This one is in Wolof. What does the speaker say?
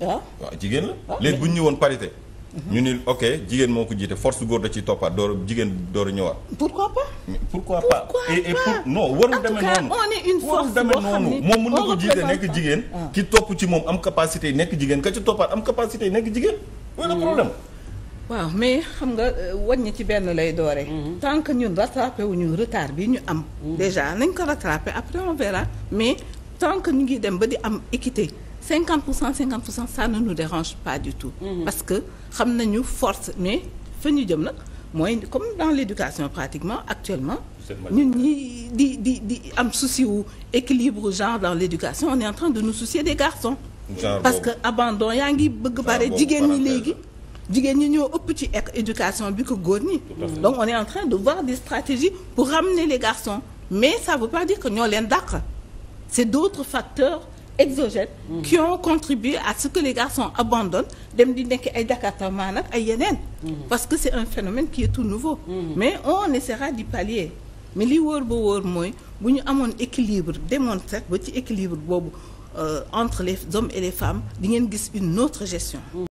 Ah? waaw jigéen la ah, léegi bu ñu ñu woon parité mhm. ñu ni ok jigéen moo ko jiite force góor da ciy toppaat door jigéen door a ñëwaat. pourquoi pas. pourquoi pas et et pour non warul demee noonu. on est une force boo xam ne moom mun na ko jiite nekk jigéen. ki topp ci moom am capacité nekk jigéen ka ci toppaat am capacité nekk jigéen. wala mm-hmm. problème. waaw mais xam nga wañ euh, wàññi ci benn lay doore. Mm-hmm. tant que ñun rattrapé wu ñu retard bi ñu am. Mm-hmm. déjà nañ ko rattrapé après on verra mais. tant que ñu ngi dem ba di am équité cinquante pour cent cinquante cent ça ne nous dérange pas du tout mm-hmm. parce que xam nañu force mais fa ñu jëm nag mooy comme dans l'éducation pratiquement actuellement ñun ñi di di di am souci wu équilibre genre dans l'éducation on est en train de nous soucier des garçons parce que abandon yaa ngi bëgg bare jigéen ñi léegi jigéen ñi ñoo ëpp ci e-, éducation bi ko góor ñi donc on est en train de voir des stratégies pour ramener les garçons mais ça veut pas dire ñoo leen dàq c'est d'autres facteurs exogènes mmh. qui ont contribué à ce que les garçons abandonnent dem di nekk ay Jakartaman ak ay yeneen mm. parce que c'est un phénomène qui est tout nouveau mmh. mais on essaiera d'y pallier mais li wóor ba wóor mooy bu ñu amoon équilibre demoon sax ba ci équilibre boobu euh, entre les hommes et les femmes di ngeen gis une autre gestion mm.